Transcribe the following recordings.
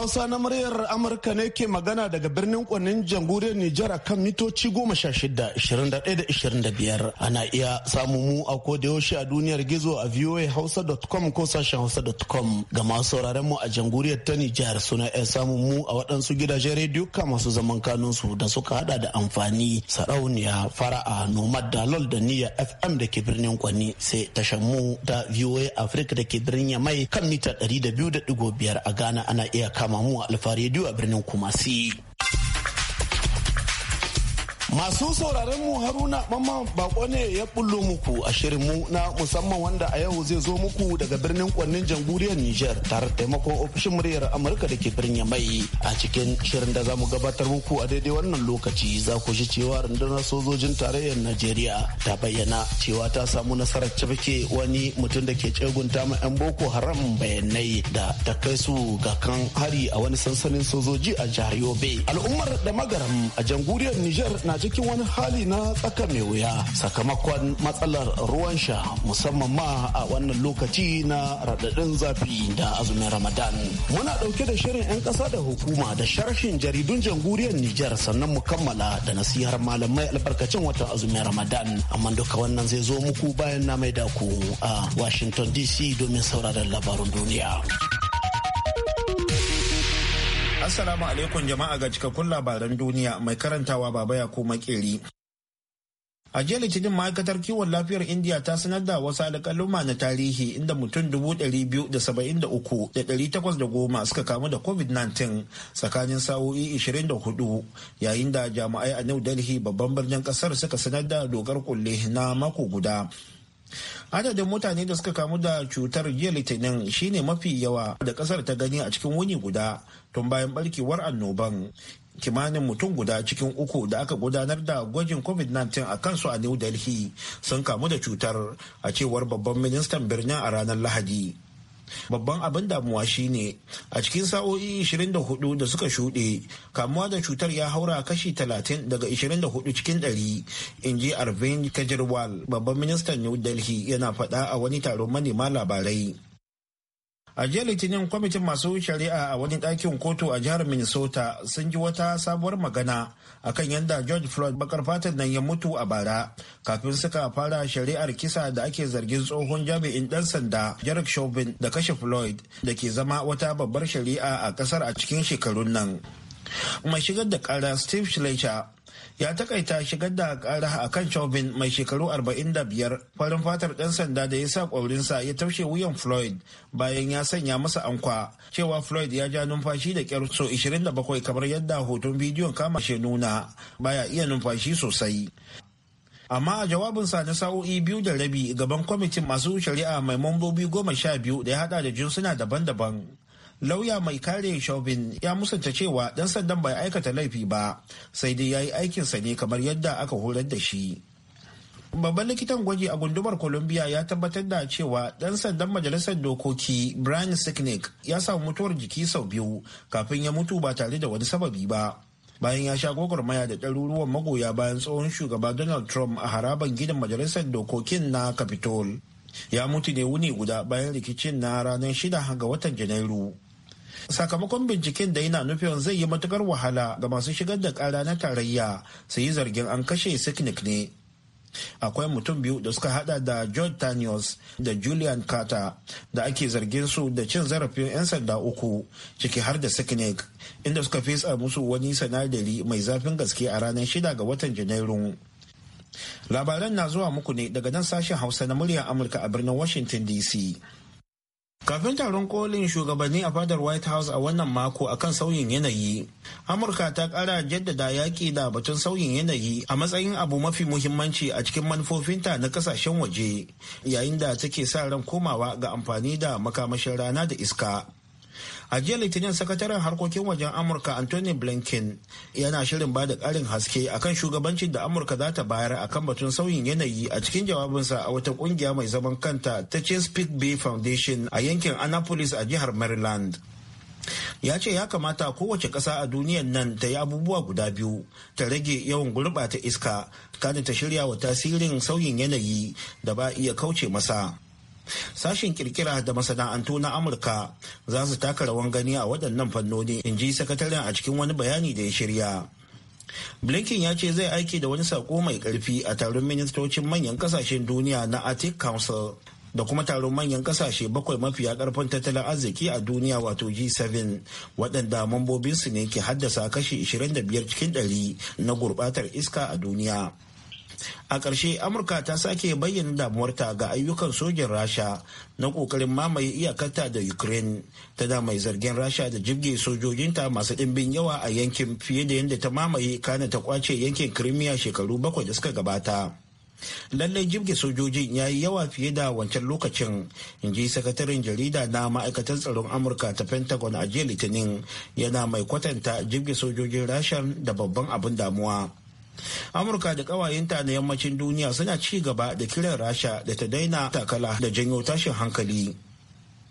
Hausa na muryar Amurka ne ke magana daga birnin kwanin jamhuriyar Nijar kan mitoci goma sha shida, ishirin da ɗaya da ishirin da biyar. Ana iya samu mu a kodayaushe a duniyar gizo a voahausa.com ko sashen hausa.com. Ga masu sauraren mu a jamhuriyar ta Nijar suna iya samu mu a waɗansu gidajen rediyo ka masu zaman kanunsu da suka hada da amfani sarauniya fara'a nomad lol da niya FM da ke birnin kwani sai tashan mu ta VOA Africa da ke birnin Yamai kan mita ɗari da biyu da ɗigo biyar a Ghana ana iya kama Mamu Alfa Radio a birnin Kumasi. Masu sauraron mu Haruna Mamman Bako ne ya bullo muku a shirin mu na musamman wanda a yau zai zo muku daga birnin kwannin jamhuriyar Niger tare da taimakon ofishin muryar Amurka da ke birnin mai a cikin shirin da za mu gabatar muku a daidai wannan lokaci za ku ji cewa rundunar sojojin tarayyar Najeriya ta bayyana cewa ta samu nasarar cibike wani mutum da ke ta ma 'yan Boko Haram bayanai da ta kai su ga kan hari a wani sansanin sojoji a jihar Yobe. Al'ummar da magaram a jamhuriyar Niger na cikin wani hali na tsaka mai wuya sakamakon matsalar ruwan sha musamman ma a wannan lokaci na radadin zafi da azumin Ramadan. Muna dauke da shirin 'yan kasa da hukuma da sharhin jaridun jamhuriyar Nijar sannan mu kammala da nasihar malamai albarkacin watan azumin Ramadan. Amma duka wannan zai zo muku bayan na mai da ku a Washington DC domin sauraron labarun duniya. Assalamu alaikum jama'a ga cikakkun labaran duniya mai karantawa baba ya koma keri. A jiya Litinin ma'aikatar kiwon lafiyar indiya ta sanar da wasu alƙaluma na tarihi inda mutum dubu biyu da da da takwas goma suka kamu da COVID-19 tsakanin sa'o'i 24 yayin da jami'ai a New Delhi babban birnin ƙasar suka sanar da dokar kulle na mako guda. adadin mutane da suka kamu da cutar jiya litinin shine mafi yawa da kasar ta gani a cikin wuni guda tun bayan barkewar annoban kimanin mutum guda cikin uku da aka gudanar da gwajin covid-19 a kansu a new delhi sun kamu da cutar a cewar babban ministan birnin a ranar lahadi babban abin damuwa shine a cikin sa'o'i 24 da suka shuɗe kamuwa da cutar ya haura kashi 30 daga 24 cikin 100 in ji arvind Kajirwal babban ministan new delhi yana faɗa a wani taron manema labarai a jiya litinin kwamitin masu shari'a a wani ɗakin kotu a jihar minnesota sun ji wata sabuwar magana a kan yadda george floyd bakar fatan nan ya mutu a bara kafin suka fara shari'ar kisa da ake zargin tsohon jami'in ɗan sanda jarek chauvin da kashe floyd da ke zama wata babbar shari'a a ƙasar a cikin shekarun nan mai shigar da ƙara steve schleicher ya takaita shigar da kara a kan chauvin mai shekaru 45 farin fatar ɗan sanda da ya sa ƙwaurinsa ya taushe wuyan floyd bayan ya sanya masa ankwa cewa floyd ya ja numfashi da kyar so 27 kamar yadda hoton bidiyon kama shi nuna baya iya numfashi sosai amma a jawabinsa na sa'o'i biyu da rabi gaban kwamitin masu shari'a mai mambobi goma sha biyu da ya hada da jinsuna daban-daban lauya mai kare Chauvin ya musanta cewa dan sandan bai aikata laifi ba sai dai ya yi aikinsa ne kamar yadda aka horar da shi. Babban likitan gwaji a gundumar Columbia ya tabbatar da cewa dan sandan majalisar dokoki Brian Sicknick ya samu mutuwar jiki sau biyu kafin ya mutu ba tare da wani sababi ba. Bayan ya sha gwagwarmaya da ɗaruruwan magoya bayan tsohon shugaba Donald Trump a haraban gidan majalisar dokokin na Capitol. Ya mutu ne wuni guda bayan rikicin na ranar shida ga watan Janairu. sakamakon binciken da yana nufin zai yi matukar wahala ga masu shigar da kara na tarayya su yi zargin an kashe siknik ne akwai mutum biyu da suka hada da george tanius da julian carter da ake zargin su da cin zarafin 'yan sanda uku ciki har da siknik inda suka fesa musu wani sanadari mai zafin gaske a ranar shida ga watan janairu labaran na zuwa muku ne daga nan sashen hausa na muryar amurka a birnin washington dc Kafin taron kolin shugabanni a fadar White House a wannan mako akan sauyin yanayi, Amurka ta ƙara jaddada yaƙi da batun sauyin yanayi a matsayin abu mafi muhimmanci a cikin manufofinta na kasashen waje, yayin da take sa ran komawa ga amfani da makamashin rana da iska. a jiya litinin sakataren harkokin wajen amurka anthony blinken yana shirin ba da ƙarin haske akan shugabancin da amurka za ta bayar kan batun sauyin yanayi a cikin jawabinsa a wata ƙungiya mai zaman kanta ta chesapeake bay foundation a yankin annapolis a jihar maryland ya ce ya kamata kowace ƙasa a duniyan nan ta yi abubuwa guda biyu ta rage yawan gurɓata iska kada ta shirya wa tasirin sauyin yanayi da ba iya kauce masa Sashen kirkira da masana'antu na Amurka za su taka rawan gani a waɗannan fannoni, in ji sakataren a cikin wani bayani da ya shirya. Blinken ya ce zai aiki da wani sako mai ƙarfi a taron ministocin manyan ƙasashen duniya na Arctic Council da kuma taron manyan ƙasashe bakwai mafiya ƙarfin tattalin arziki a duniya wato G7 waɗanda mambobinsu ne ke haddasa kashi 25 cikin 100 na gurɓatar iska a duniya. a ƙarshe amurka ta sake bayyana damuwarta ga ayyukan sojin rasha na ƙoƙarin mamaye iyakarta da ukraine ta da mai zargin rasha da jibge sojojinta masu ɗimbin yawa a yankin fiye da yadda ta mamaye kana ta kwace yankin kirimiya shekaru bakwai da suka gabata lallai jibge sojojin ya yi yawa fiye da wancan lokacin in ji sakataren jarida na ma'aikatar tsaron amurka ta pentagon a jiya litinin yana mai kwatanta jibge sojojin rasha da babban abin damuwa amurka da ƙawayenta na yammacin duniya suna ci gaba da kiran rasha da ta daina takala da janyo tashin hankali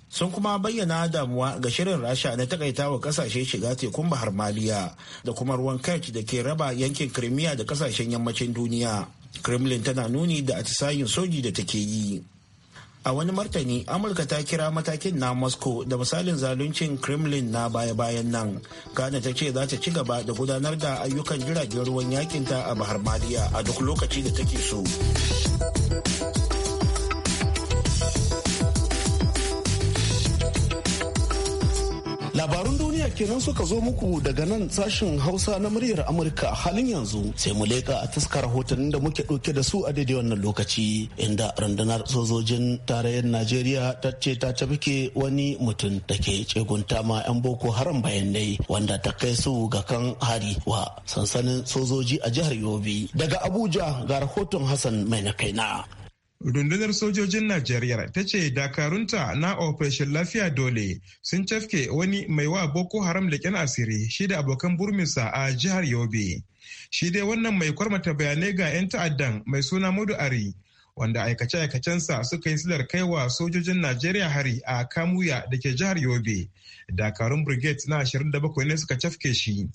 sun kuma bayyana damuwa ga shirin rasha na takaitawa kasashe shiga tekun bahar maliya da kuma ruwan kerch da ke raba yankin krimiya da kasashen yammacin duniya kremlin tana nuni da atisayin soji da take yi a wani martani amurka ta kira matakin na moscow da misalin zaluncin kremlin na baya-bayan nan ghana ta ce za ta ci gaba da gudanar da ayyukan jiragen ruwan yakinta a bahar maliya a duk lokaci da take so labarun duniya kenan suka zo muku daga nan sashen hausa na muryar amurka halin yanzu sai mu leka a taskar rahotannin da muke ɗauke da su a daidai wannan lokaci inda rundunar sojojin tarayyar najeriya ta ce ta tabike wani mutum da ke cegunta ma 'yan boko haram bayan dai wanda ta kai su ga kan hari wa sansanin sojoji a jihar yobe daga abuja ga rahoton hassan mai na kaina rundunar sojojin najeriya ta ce dakarunta na operation lafiya dole sun cafke wani mai wa boko haram leƙen asiri shi da abokan burminsa a jihar yobe shi dai wannan mai kwarmata bayanai ga 'yan ta'addan mai suna mudu ari wanda aikace-aikacensa suka yi silar kaiwa sojojin Najeriya hari a Kamuya da ke jihar Yobe. Dakarun Brigade na 27 ne suka cafke shi.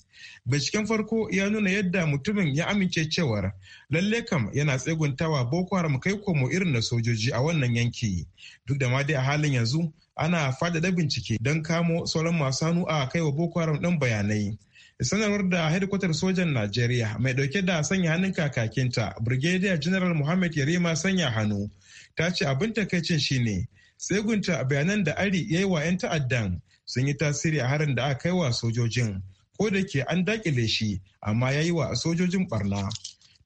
Binciken farko ya nuna yadda mutumin ya amince cewar lalle kam yana tseguntawa Boko Haram kai komo irin na sojoji a wannan yanki. Duk da ma dai a halin yanzu ana fadada bincike don kamo sauran masu hannu a kaiwa Boko Haram ɗin bayanai. sanarwar da hedikwatar sojan najeriya mai dauke da sanya hannun kakakinta brigadier general muhammad yarima sanya hannu ta ce abin takaicin shine tsegunta bayanan da ari ya yi wa 'yan ta'addan sun yi tasiri a harin da aka kai wa sojojin ko da ke an dakile shi amma ya yi wa sojojin barna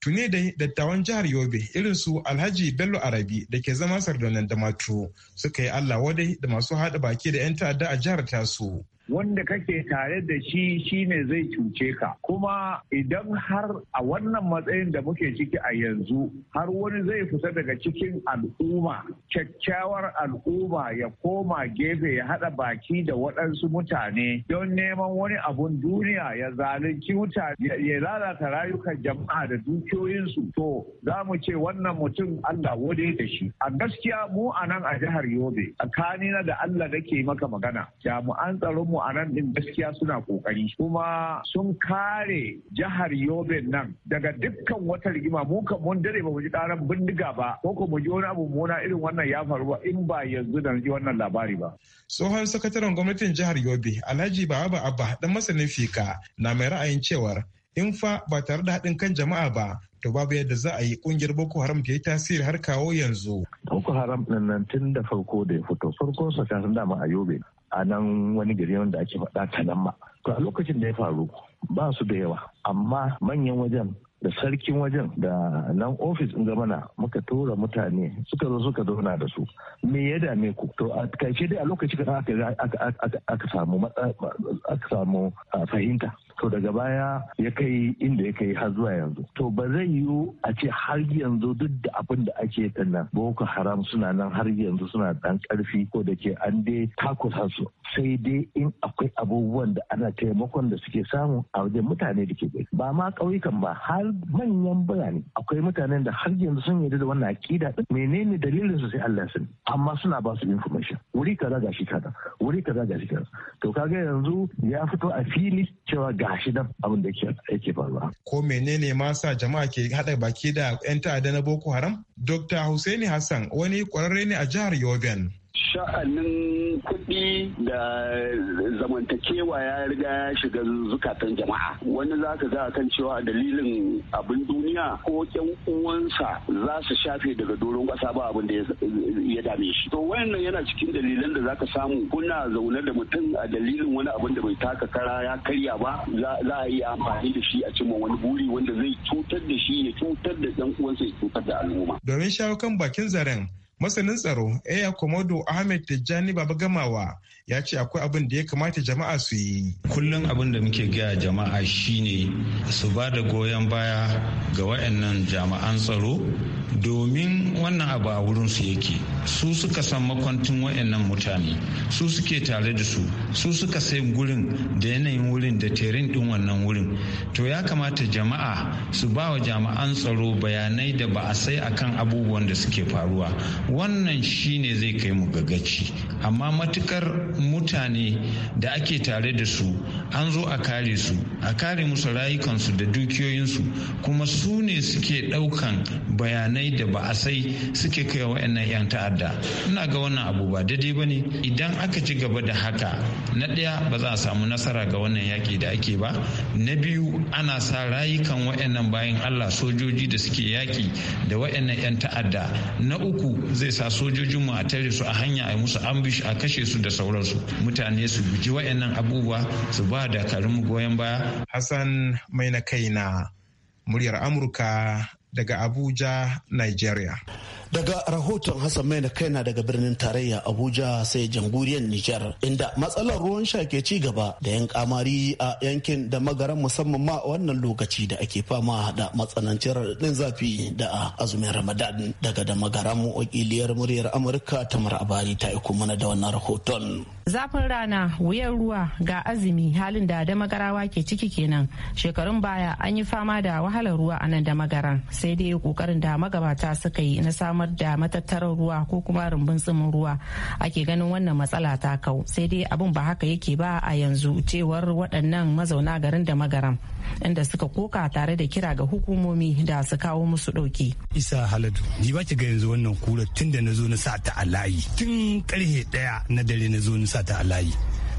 Tune da dattawan jihar yobe irin su alhaji bello arabi da ke zama sardunan da matu suka yi allah wadai da masu haɗa baki da 'yan ta'adda a jihar tasu wanda kake tare da shi shine zai cuce ka kuma idan har a wannan matsayin da muke ciki a yanzu har wani zai fita daga cikin al'umma kyakkyawar al'umma ya koma gefe ya haɗa baki da waɗansu mutane don neman wani abun duniya ya zalunci mutane ya lalata rayukan jama'a da dukiyoyinsu to za mu ce wannan mutum Allah wode da shi a gaskiya mu a nan a jihar Yobe tsakanina da Allah nake maka magana jami'an tsaronmu a nan din gaskiya suna kokari kuma sun kare jihar Yobe nan daga dukkan wata rigima mu kan mun dare ba mu ji karan bindiga ba ko ko mu ji wani abu mona irin wannan ya faru ba in ba yanzu da ji wannan labari ba tsohon sakataren gwamnatin jihar Yobe Alhaji Baba Abba dan masanin fika na mai ra'ayin cewar in fa ba tare da haɗin kan jama'a ba to babu yadda za a yi kungiyar boko haram ta yi tasiri har kawo yanzu. boko haram nan tun da farko da ya fito farko sa dama a yobe a nan wani gari wanda ake faɗa ta nan ma. to a lokacin da ya faru ba su da yawa amma manyan wajen da sarkin wajen da nan ofis in zamana muka tura mutane suka zo suka zauna da su me ya dame ku to a kai dai a lokaci kaɗan aka samu ah, fahimta to daga baya ya kai inda ya kai har zuwa yanzu to ba zai yiwu a ce har yanzu duk da abin da ake tana. boko haram suna nan har yanzu suna dan karfi ko da ke an dai takura su sai dai in akwai abubuwan da ana taimakon da suke samu a wajen mutane da ke gari ba ma ƙauyukan ba har manyan birane akwai mutanen da har yanzu sun yarda da wannan aƙida din menene dalilin su sai Allah sani amma suna ba su information wuri kaza gashi kaza wuri kaza gashi kaza to kaga yanzu ya fito a fili cewa ga gashi nan abin da yake faruwa. Ko menene ma sa jama'a ke haɗa baki da 'yan ta'adda na Boko Haram? Dr. Hussaini Hassan wani ƙwararre ne a jihar Yobe? sha'anin kuɗi da zamantakewa ya riga ya shiga zukatan jama'a wani za ka ga kan cewa dalilin abin duniya ko yan uwansa za su shafe daga doron ƙasa ba abin da ya dame shi to wannan yana cikin dalilan da za ka samu kuna zaune da mutum a dalilin wani abin da bai taka kara ya karya ba za a yi amfani da shi a cimma wani buri wanda zai cutar da shi ya cutar da ɗan uwansa ya cutar da al'umma domin shawo kan bakin zaren masanin tsaro Eya Komodo Ahmed Tijjani Baba Gamawa ya ce akwai abin da ya kamata jama'a su yi. Kullum abin da muke gaya jama'a shine su ba da goyon baya ga wayannan jami'an tsaro domin wannan abu a wurin su yake su suka san makwantin wayannan mutane su suke tare da su su suka sai gurin da yanayin wurin da terin din wannan wurin to ya kamata jama'a su ba wa jami'an tsaro bayanai da ba a sai akan abubuwan da suke faruwa wannan shine zai kai mu gagaci amma matukar mutane da ake tare da su an zo a kare su a kare musu rayukansu da dukiyoyinsu kuma su ne suke ɗaukan bayanai da ba a sai suke kai wa'annan 'yan ta'adda ina ga wannan abu ba daidai ba ne idan aka ci gaba da haka na ɗaya ba za a samu nasara ga wannan yaƙi da ake ba na biyu ana sa rayukan wa'annan bayan allah sojoji da suke yaƙi da wa'annan 'yan ta'adda na uku zai sa sojojinmu a tare su a hanya a musu ambush a kashe su da sauransu mutane su guji wayannan abubuwa su ba dakarun goyon baya hassan mai na kai na muryar amurka daga abuja nigeria Daga rahoton Hassan mai na kaina daga birnin tarayya Abuja sai jamhuriyar Nijar inda matsalar ruwan sha ke ci gaba da yan kamari a yankin da magaran musamman ma wannan lokaci da ake fama da matsanancin raɗaɗin zafi da azumin Ramadan daga da magaran wakiliyar muryar Amurka ta Abari ta iko mana da wannan rahoton. Zafin rana, wuyan ruwa ga azumi halin da da magarawa ke ciki kenan. Shekarun baya an yi fama da wahalar ruwa a nan da magaran sai dai kokarin da magabata suka yi na samun samar da matattarar ruwa ko kuma rumbun tsimin ruwa ake ganin wannan matsala ta kau sai dai abin ba haka yake ba a yanzu cewar waɗannan mazauna garin da magaram inda suka koka tare da kira ga hukumomi da su kawo musu ɗauki. isa haladu ni ba ki ga yanzu wannan kura tun da na zo na sa ta a layi tun karhe ɗaya na dare na zo na sa ta a layi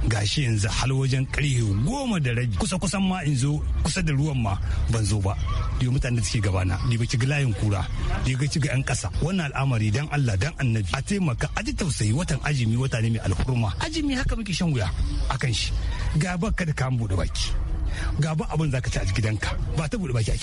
gashi yanzu hal wajen karhe goma da rabi kusa kusan ma in zo kusa da ruwan ma ban zo ba yau mutane da suke gabana ni ba ga layin kura ni ga ga yan kasa wannan al'amari dan Allah dan annabi a taimaka a ji tausayi watan ajimi wata ne mai alhurma ajimi haka muke shan wuya akan shi ga kada da bude baki ga ba abin zaka ci a gidanka ba ta bude baki a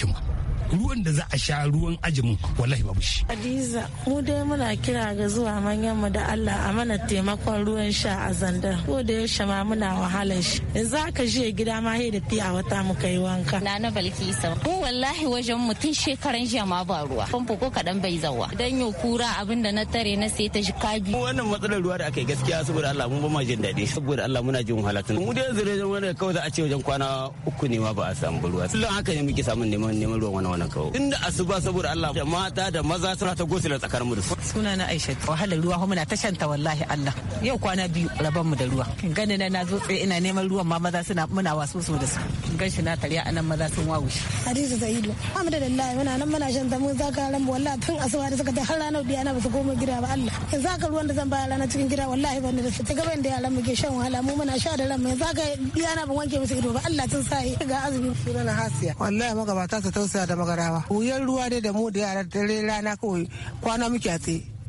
ruwan da za a sha ruwan ajimin wallahi babu shi hadiza mu dai muna kira ga zuwa manyan mu da Allah a mana taimakon ruwan sha a zandar ko da yaushe ma muna wahalar shi in za ka je gida ma sai da fiya wata mu kai wanka na na balkisa ko wallahi wajen mu tun shekaran jiya ma ba ruwa famfo ko kadan bai zawa dan yau kura abin da na tare na sai ta jika biyu wannan matsalar ruwa da aka yi gaskiya saboda Allah mun ba ma jin daɗi saboda Allah muna jin wahalatun. mu dai yanzu ne wanda kawai za a ce wajen kwana uku ne ma ba a samu ruwa kullum haka ne muke samun neman neman ruwan wani mana kawo inda asuba saboda Allah mata da maza suna ta gosi da tsakar mu da su suna na Aisha wahalar ruwa kuma na ta shanta wallahi Allah yau kwana biyu rabanmu da ruwa gani na na zo tsaye ina neman ruwan ma maza suna muna wasu su da su gan shi na tare anan maza sun wawushe Hadiza da alhamdulillah muna nan muna shanta mun zaka ran mu wallahi tun asuba da suka ta har ranar biya na ba su koma gida ba Allah yanzu zaka ruwan da zan ba ranar cikin gida wallahi ban da su ta gaban da yaran mu ke shan wahala mu muna sha da ran mu yanzu haka biya na ban wanke musu ido ba Allah tun sai ga azumi sunana Hasiya wallahi magabata ta tausaya da magarawa wuyan ruwa ne da mu da yara dare rana kawai kwana muke a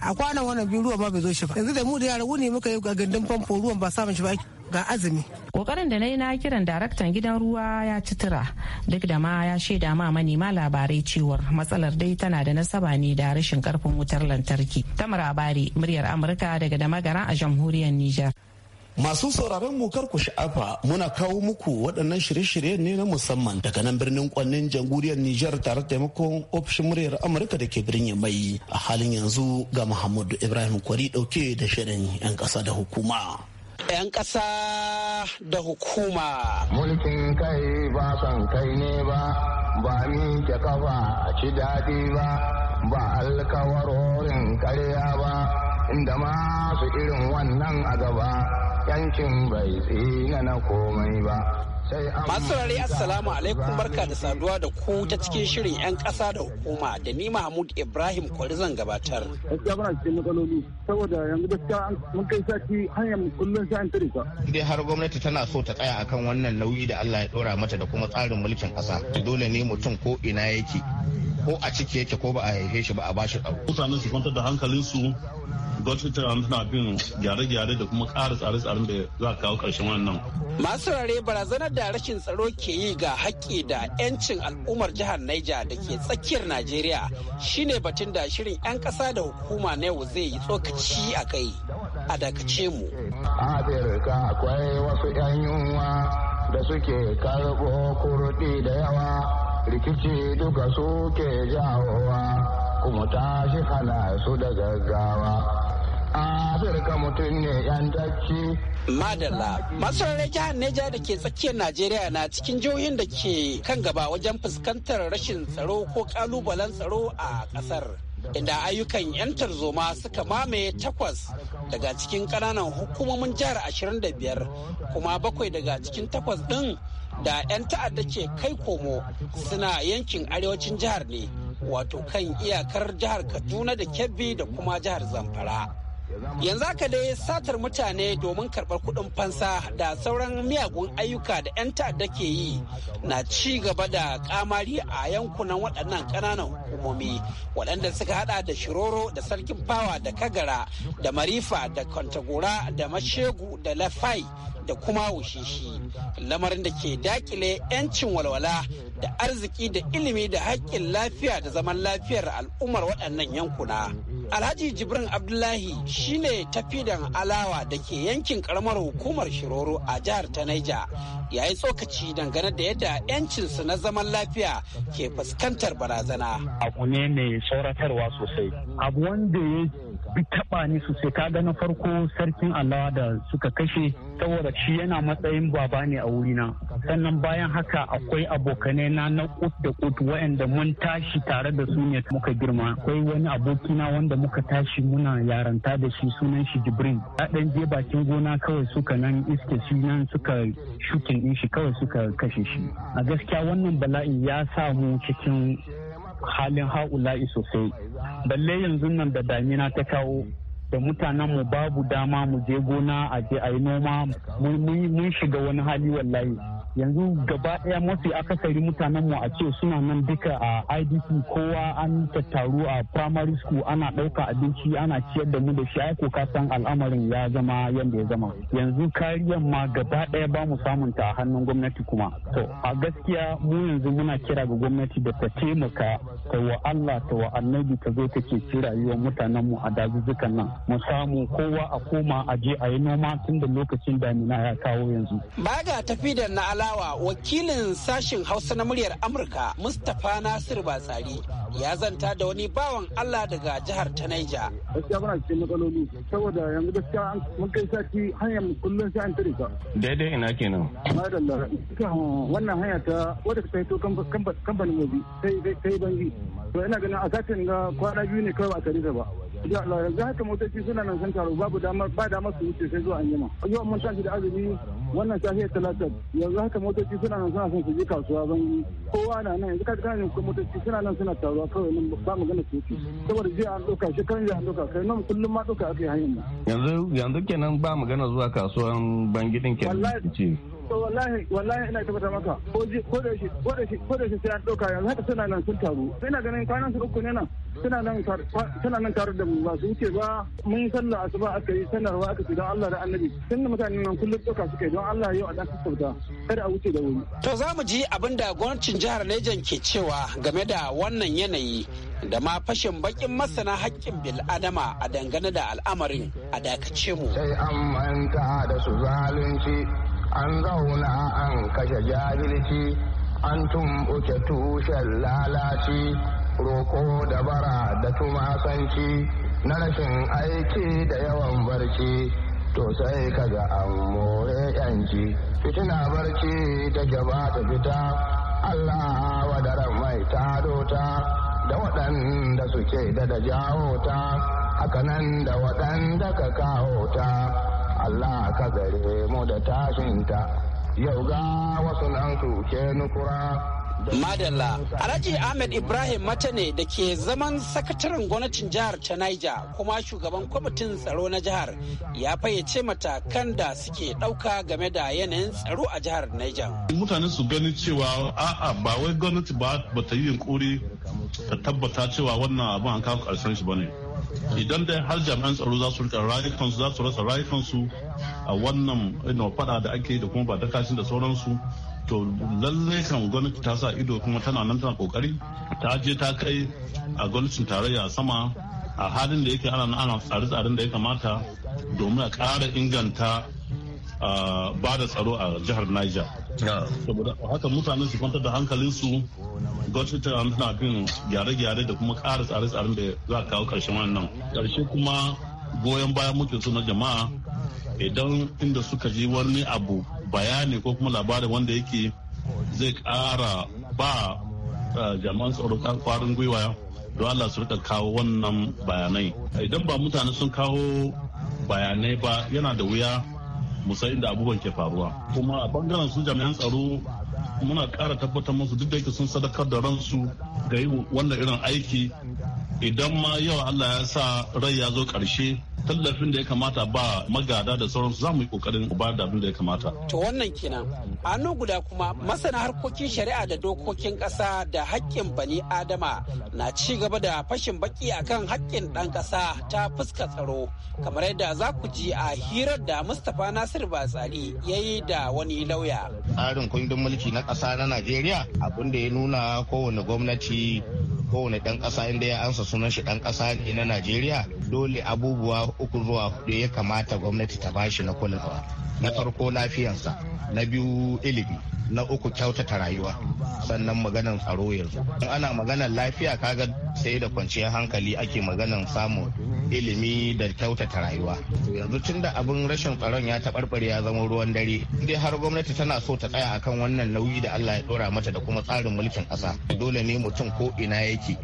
a kwana wannan biyu ruwa ba bai zo shi ba yanzu da mu da yara wuni muka yi ga gandun famfo ruwan ba samun shi ba ga azumi. Kokarin da na yi na kiran daraktan gidan ruwa ya ci tura duk da ma ya shaida ma manema labarai cewar matsalar dai tana da nasaba ne da rashin karfin wutar lantarki. Tamar Abari, muryar Amurka daga Damagaran a jamhuriyar Nijar. Masu sauraron mu kar ku sha'afa muna kawo muku waɗannan shirye-shirye ne na musamman daga nan birnin kwannin jamhuriyar Nijar tare da taimakon ofishin muryar Amurka da ke birnin mai a halin yanzu ga Muhammadu Ibrahim Kwari ɗauke da shirin 'yan ƙasa da hukuma. 'Yan ƙasa da hukuma. Mulkin kai ba son kai ne ba, ba ni ke kafa a ci daɗi ba, ba alkawarorin karya ba, inda masu irin wannan a gaba. yankin bai tsina na komai ba. Masu rari Assalamu alaikum barka da saduwa da ku ta cikin shirin 'yan ƙasa da hukuma da ni Mahmud Ibrahim zan gabatar. Gaskiya muna cikin matsaloli saboda yanzu gaskiya mun kai sati hanyar kullum sai an tare Dai har gwamnati tana so ta tsaya akan wannan nauyi da Allah ya ɗora mata da kuma tsarin mulkin ƙasa. Dole ne mutum ko ina yake ko a ciki yake ko ba a haife shi ba a bashi ɗau. mutane su kwantar da hankalinsu gwamnati tana bin gyare-gyare da kuma ƙara tsare-tsaren da za kawo ƙarshen wannan. masu rare barazanar da rashin tsaro ke yi ga haƙƙi da 'yancin al'ummar jihar naija da ke tsakiyar najeriya shine batun da shirin 'yan ƙasa da hukuma na yau zai yi tsokaci a kai a dakace mu. afirka akwai wasu 'yan yunwa da suke karɓo kurɗi da yawa rikici duka suke jawowa kuma shi hana su da gaggawa afirka mutum ne yan tacci madalla masarar jihar neja da ke tsakiyar najeriya na cikin jihohin da ke kan gaba wajen fuskantar rashin tsaro ko kalubalen tsaro a kasar inda ayyukan 'yan tarzoma suka mamaye takwas daga cikin kananan hukumomin jihar 25 kuma bakwai daga cikin takwas ɗin da 'yan ta'adda ke kai komo suna yankin arewacin jihar ne wato kan iyakar jihar kaduna da kebbi da kuma jihar zamfara yanzu haka dai satar mutane domin karɓar kuɗin fansa da sauran miyagun ayyuka da 'yan ta'adda ke yi na ci gaba da kamari a yankunan waɗannan ƙananan hukumomi waɗanda suka hada da shiroro da sarkin bawa da kagara da marifa da kwantagora da mashegu da lafai da kuma wushishi lamarin da ke dakile 'yancin walwala da arziki da ilimi da haƙƙin lafiya da zaman lafiyar al'ummar waɗannan yankuna alhaji jibrin abdullahi shine tafidan alawa da ke yankin karamar hukumar shiroro a jihar ta naija ya yi tsokaci dangane da yadda 'yancinsu na zaman lafiya ke fuskantar barazana abu ne mai tsoratarwa sosai abu wanda ya taba su sosai kaga na farko sarkin Allah da suka kashe saboda shi yana matsayin baba ne a wurina sannan bayan haka akwai abokanai na na kut da kut waɗanda mun tashi tare da su ne muka girma akwai wani abokina wanda muka tashi muna yaranta da shi sunan shi Jibrin ya dan je bakin gona kawai suka nan iske shi nan suka shukin din shi kawai suka kashe shi a gaskiya wannan bala'i ya sa mu cikin halin ha'ula'i sosai balle yanzu nan da damina ta kawo da mutanen mu babu dama mu je gona a je a yi noma mun shiga wani hali wallahi yanzu gaba ɗaya mafi akasari mutanen mu a ce suna nan duka a idc kowa an tattaru a primary school ana ɗauka abinci ana ciyar da mu da shi aiko ka san al'amarin ya zama yadda ya zama yanzu kariyar ma gaba ɗaya ba mu samun ta a hannun gwamnati kuma to a gaskiya mu yanzu muna kira ga gwamnati da ta taimaka ta wa Allah ta wa annabi ta zo ta ce rayuwar mutanen mu a dazuzzukan nan mu samu kowa a koma a je a yi noma tun da lokacin damina ya kawo yanzu. Ba ga tafi da na Alawa wakilin sashen Hausa na muryar Amurka Mustapha Nasir Batsari ya zanta da wani bawan Allah daga jihar ta Naija. Gaskiya muna cikin matsaloli saboda yanzu gaskiya mun kai sati hanyar kullum sai an tare ta. Daidai ina kenan. Madalla wannan hanya ta wadda ta fito kamfanin mobi sai bangi. To ina ganin a satin ga kwana biyu ne kawai ba a tare ta ba. ya yanzu haka motoci suna nan sun taru babu damar ba damar su wuce sai zuwa yi ma. yau mun tashi da azumi wannan safiyar talata yanzu haka motoci suna nan suna son su je kasuwa zan kowa na nan yanzu kaji kanin motoci suna nan suna taruwa kawai nan ba mu gana tuki saboda jiya an doka shi kan an doka kai nan kullum ma doka aka yi hanyar yanzu yanzu kenan ba mu gana zuwa kasuwan bangidin kenan wallahi wallahi ina tabbata maka ko da shi ko da shi ko da shi sai an dauka yanzu haka suna nan sun taru ina ganin kwanan su uku ne nan suna nan suna nan da mu ba su wuce ba mun sallah asuba aka yi sanarwa aka ce don Allah da Annabi tun da mutanen nan kullum dauka suke don Allah yau a dan sassauta kada a wuce da wuri to za mu ji abin da gwamnatin jihar Lejan ke cewa game da wannan yanayi da ma fashin bakin masana haƙƙin bil'adama a dangane da al'amarin a dakace mu sai an manta da su zalunci an zauna an kashe jahilci an tumɓuke tushen lalaci roko da bara da tumasanci na rashin aiki da yawan barci to sai ka ga an more yanci fitina barci ta gaba ta fita allah wadaran mai tado ta da waɗanda suke da da jawo ta hakanan da waɗanda ka kawo ta Allah ka gare mu da tashinta yau ga wasu nan ke nukura. Madalla, Alhaji Ahmed Ibrahim Mata ne da ke zaman sakataren gwamnatin jihar ta Niger kuma shugaban kwamitin tsaro na jihar ya fayyace matakan da suke ɗauka game da yanayin tsaro a jihar Niger. Mutane su gani cewa a'a ba wai gwamnati ba ta yi yunkuri ta tabbata cewa wannan abin an kawo ƙarshen shi ba ne. idan dai har jami'an tsaro za su rika rayukansu za su rasa rayukansu a wannan fada da ake da kuma ba da kashin da sauransu to lalle kan gwamnati ta sa ido kuma tana nan tana kokari ta je ta kai a gwamnatin tarayya sama a halin da yake ana ana tsare-tsaren da ya kamata domin a ƙara inganta ba da tsaro a jihar niger saboda haka mutane su kwantar da hankalinsu gwamnati tana kan gyare-gyare da kuma ƙara tsare-tsaren da za kawo ƙarshen wannan ƙarshe kuma goyon bayan muke suna jama'a idan inda suka ji wani abu bayani ko kuma labarin wanda yake zai ƙara ba eh, jama'an tsaro kwarin gwiwa don Allah su rika kawo wannan bayanai idan ba mutane sun kawo bayanai ba yana da wuya musa inda abubuwan ke faruwa kuma a bangaren su jami'an tsaro muna ƙara tabbatar musu duk da yake sun sadakar da ransu ga yi wannan irin aiki idan ma yau Allah ya sa rai ya zo ƙarshe tallafin da ya kamata ba magada da sauransu za mu yi kokarin ba da abin da ya kamata. To wannan kenan a nan guda kuma masana harkokin shari'a da dokokin ƙasa da haƙƙin bani adama na ci gaba da fashin baki akan haƙƙin ɗan ƙasa ta fuska tsaro kamar yadda za ku ji a hirar da Mustapha Nasir Batsari ya yi da wani lauya. Tsarin kundin mulki na ƙasa na Najeriya abin da ya nuna kowane gwamnati kowane ɗan ƙasa inda ya ansa sunan shi ɗan ƙasa ne na najeriya dole abubuwa uku zuwa hudu ya kamata gwamnati ta bashi na kulawa na farko lafiyansa na biyu ilimi na uku kyautata rayuwa sannan maganan tsaro yanzu in ana maganan lafiya kaga sai da kwanciyar hankali ake maganan samun ilimi da kyautata rayuwa yanzu tun da abin rashin tsaron ya taɓarɓare ya zama ruwan dare dai har gwamnati tana so ta tsaya akan wannan nauyi da allah ya ɗora mata da kuma tsarin mulkin ƙasa dole ne mutum ko ina yake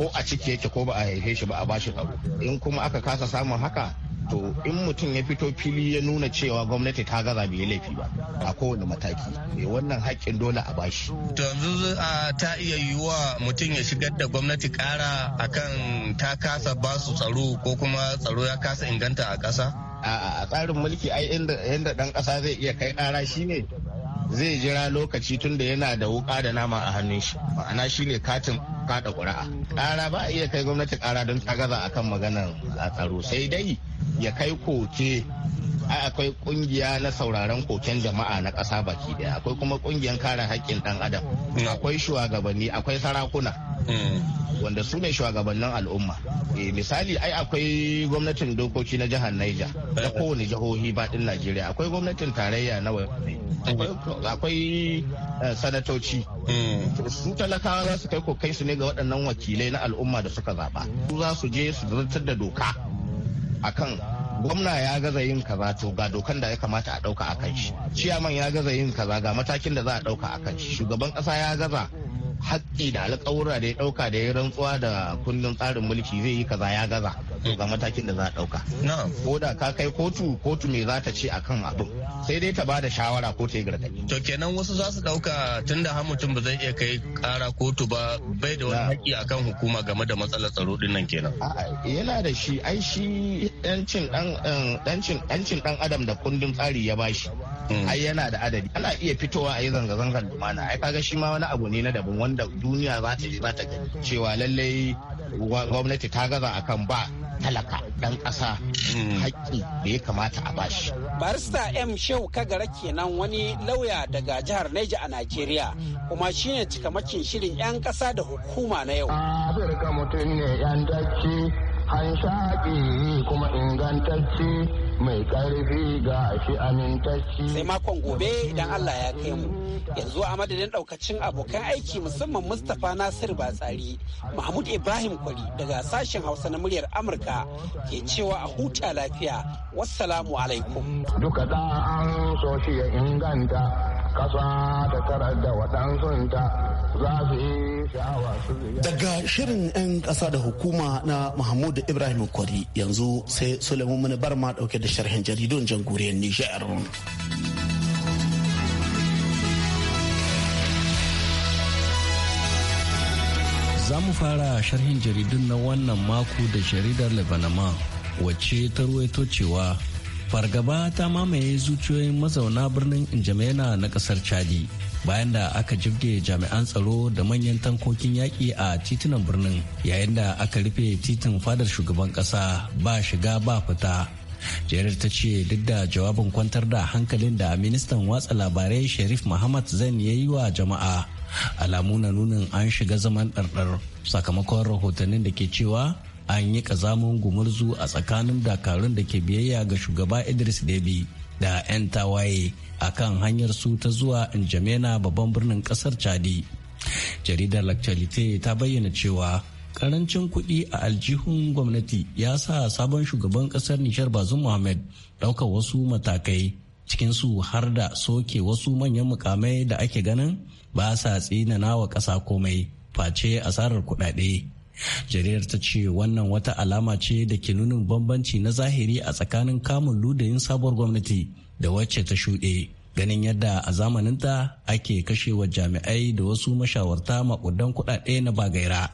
ko a ciki yake ko ba a haife shi ba a bashi tsaro in kuma aka kasa samun haka to in mutum ya fito fili ya nuna cewa gwamnati ta gaza bai laifi ba a kowane mataki ne eh, wannan haƙƙin dole a bashi to yanzu ta iya yiwuwa mutum ya shigar da gwamnati ƙara akan ta kasa basu tsaro ko kuma tsaro ya kasa inganta a ƙasa a tsarin mulki ai inda ɗan ƙasa zai iya kai ƙara shine zai jira lokaci tunda yana da wuka da nama a hannun shi ma'ana shine katin kada ƙuri'a ƙara ba a iya kai gwamnati ƙara don ta gaza akan maganar a tsaro sai dai ya kai koke ai akwai kungiya na sauraron koken jama'a na ƙasa baki daya akwai kuma kungiyar kare haƙƙin ɗan adam mm. akwai shugabanni akwai sarakuna mm. wanda su ne shugabannin al'umma eh, misali ai akwai gwamnatin dokoki na jihar Niger na eh. kowane jihohi baɗin Najeriya akwai gwamnatin tarayya na akwai eh, sanatoci mm. su talakawa za su kai kokai su ne ga waɗannan wakilai na al'umma da suka zaɓa su za su je su zartar da doka akan gwamna ya gaza yin kaza to ga dokan da ya kamata a dauka akan shi ciyaman ya gaza yin kaza ga matakin da za a dauka akan shi shugaban kasa ya gaza haƙƙi da alƙawura da ya dauka da ya rantsuwa da kundin tsarin mulki zai yi kaza ya gaza to ga matakin da za a ɗauka. Ko da ka kai kotu kotu me za ta ce akan abin sai dai ta ba da shawara ko ta yi gargaɗi. To kenan wasu za su ɗauka tun da har mutum ba zai iya kai kara kotu ba bai da wani haƙƙi akan hukuma game da matsalar tsaro ɗin nan kenan. Yana da shi ai shi ɗancin eh, ɗan adam da kundin tsari ya bashi. Hmm. ai yana da adadi ana iya fitowa a yi zanga zanga lumana ai kaga shi ma wani abu ne na daban wanda duniya za ta ji za ta gani cewa lallai gwamnati ta gaza akan ba talaka ɗan ƙasa hmm. haƙƙi da ya kamata a bashi. Barista M Shehu Kagara kenan wani lauya daga jihar Neja a Najeriya kuma shine cikamakin shirin 'yan ƙasa da hukuma na yau. Afirka mutum ne 'yan dace hanshaƙi kuma ingantacce mai ƙarfi ga shi amintacce. Sai makon gobe idan Allah ya kai mu. Yanzu a madadin ɗaukacin abokan aiki musamman Mustapha Nasir Batsari, Mahmud Ibrahim Kwari daga sashen Hausa na muryar Amurka ke cewa a huta lafiya. Wassalamu alaikum. Duka da an so shi ya inganta kasa ta tarar da waɗansunta Daga shirin 'yan ƙasa da hukuma na Mahmud Ibrahim Kwari yanzu sai Suleiman Mani Barma ɗauke da sharhin jaridun jamhuriyar Nijar. Za mu fara sharhin jaridun na wannan mako da jaridar Lebanon wacce ta ruwaito cewa fargaba ta mamaye zuciyoyin mazauna birnin injamena na kasar chadi bayan da aka jibge jami'an tsaro da manyan tankokin yaƙi a titunan birnin yayin da aka rufe titin fadar shugaban ƙasa ba shiga ba fita jerar ta ce duk da jawabin kwantar da hankalin da ministan watsa labarai sharif muhammad zan ya yi wa jama'a alamu na nunin an shiga zaman ɗarɗar sakamakon rahotannin da ke cewa an yi kazamin gumurzu a tsakanin dakarun da ke biyayya ga shugaba idris debi da 'yan tawaye a kan hanyar su ta zuwa N'Djamena babban birnin kasar chadi jaridar lactalite ta bayyana cewa karancin kuɗi a aljihun gwamnati ya sa sabon shugaban kasar nishar bazin muhammad ɗaukar wasu matakai cikin su har da soke wasu manyan mukamai da ake ganin ba sa tsinana wa ƙasa komai face asarar kuɗaɗe jaridar ta ce wannan wata alama ce da ke nunin bambanci na zahiri a tsakanin kamun ludayin sabuwar gwamnati da wacce ta shuɗe ganin yadda a zamaninta ake kashewa jami'ai da wasu mashawarta maƙudan kuɗaɗe na bagaira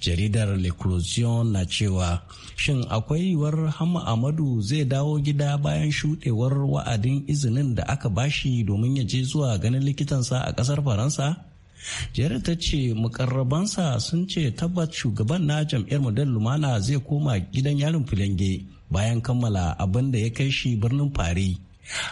jaridar leclusion na cewa shin akwai yiwuwar hamma amadu zai dawo gida bayan shuɗewar wa'adin izinin da aka bashi domin ya je zuwa ganin likitansa a ƙasar faransa jerin ta ce mukarrabansa sun ce tabbat shugaban na jam'iyyar model lumana zai koma gidan yarin filange bayan kammala abin da ya kai shi birnin fari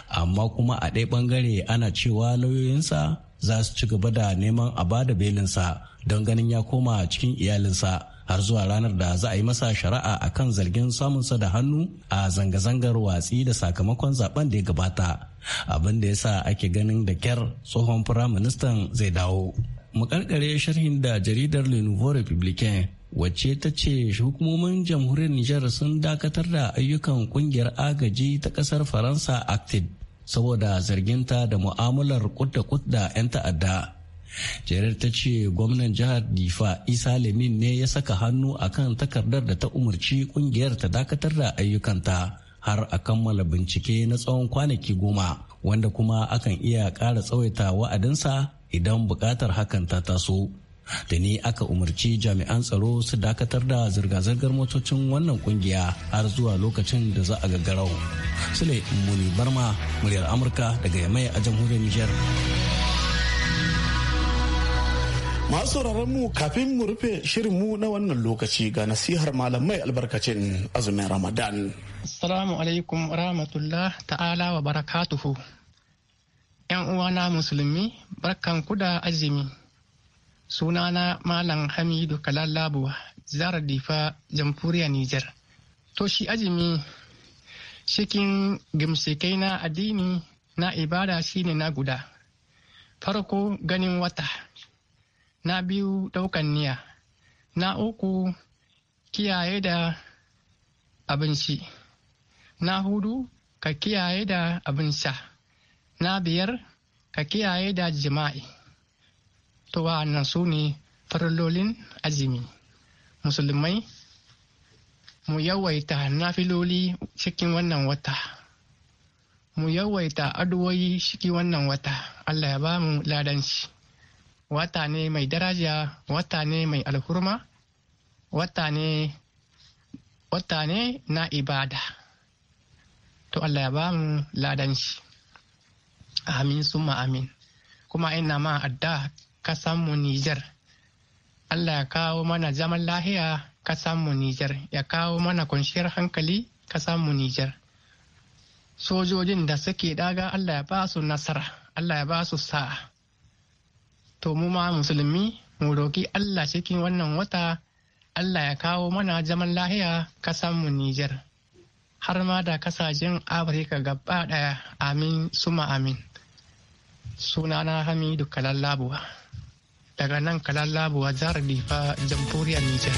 amma kuma a ɗaya ɓangare ana cewa lauyoyinsa za su ci gaba da neman a bada belinsa don ganin ya koma cikin iyalinsa har zuwa ranar da za a yi masa shari'a a kan zargin samunsa da hannu a zanga-zangar watsi da sakamakon zaben da ya gabata abin da ya sa ake ganin da kyar tsohon firaministan zai dawo makarkare sharhin da jaridar le nouveau republicain wacce ta ce hukumomin jamhuriyar nijar sun dakatar da ayyukan kungiyar agaji ta kasar faransa acted saboda zarginta da mu'amalar kudda kudda 'yan ta'adda jerar ta ce gwamnan jihar difa isa lemin ne ya saka hannu akan takardar da ta umarci kungiyar ta dakatar da ayyukanta har a kammala bincike na tsawon kwanaki goma wanda kuma akan iya kara tsawaita wa'adinsa idan bukatar hakan ta taso. da ni aka umarci jami'an tsaro su dakatar da zirga-zirgar motocin wannan kungiya har zuwa lokacin da za a gagarau. Sule Muni Barma, muryar Amurka daga Yamai a jamhuriyar niger Masu mu kafin mu rufe shirin mu na wannan lokaci ga nasihar malamai albarkacin azumin Ramadan. Assalamu alaikum rahmatullah ta'ala wa barakatuhu. ‘Yan uwana musulmi, barkan ku da azumi. Sunana Malam Hamidu Kalallabuwa, zara difa jamhuriya Nijar. To shi azumi cikin gimshikai na addini na ibada shine na guda. Farko ganin wata, na biyu ɗaukan niya na uku kiyaye da abinci. na hudu ka kiyaye da abin sha na biyar ka kiyaye da jima'i to wa'annan su ne farallolin azumi musulmai mu yawaita nafiloli cikin wannan wata mu yawaita aduwai cikin wannan wata allah ya ba mu ladanci wata ne mai daraja wata ne mai alhurma wata ne na ibada to Allah ya bamu ladanci, shi amin summa amin kuma ina ma adda samu Nijar Allah ya kawo mana zaman lahiya ka samu Nijar ya kawo mana kwanciyar hankali ka samu Nijar sojojin da suke daga Allah ya ba su nasara Allah ya ba su sa'a to mu ma musulmi mu roki Allah cikin wannan wata Allah ya kawo mana zaman lahiya ka samu Nijar har ma da kasashen afirka gaba daya amin suma amin sunana hamidu kalallabuwa daga nan kalallabuwa jihar difa jamhuriyar nijar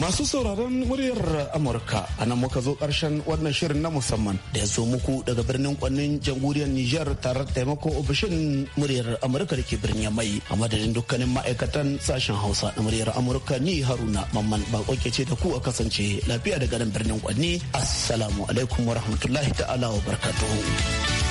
Masu sauraron muryar Amurka a nan muka zo ƙarshen wannan shirin na musamman da ya zo muku daga birnin kwannin jamhuriyar Nijar tare da taimako ofishin muryar Amurka da ke birnin mai a madadin dukkanin ma'aikatan sashen Hausa na muryar Amurka ni Haruna Mamman bako ke ce da ku a kasance lafiya daga nan birnin kwanni Assalamu alaikum wa rahmatullahi ta'ala wa barkatuhu.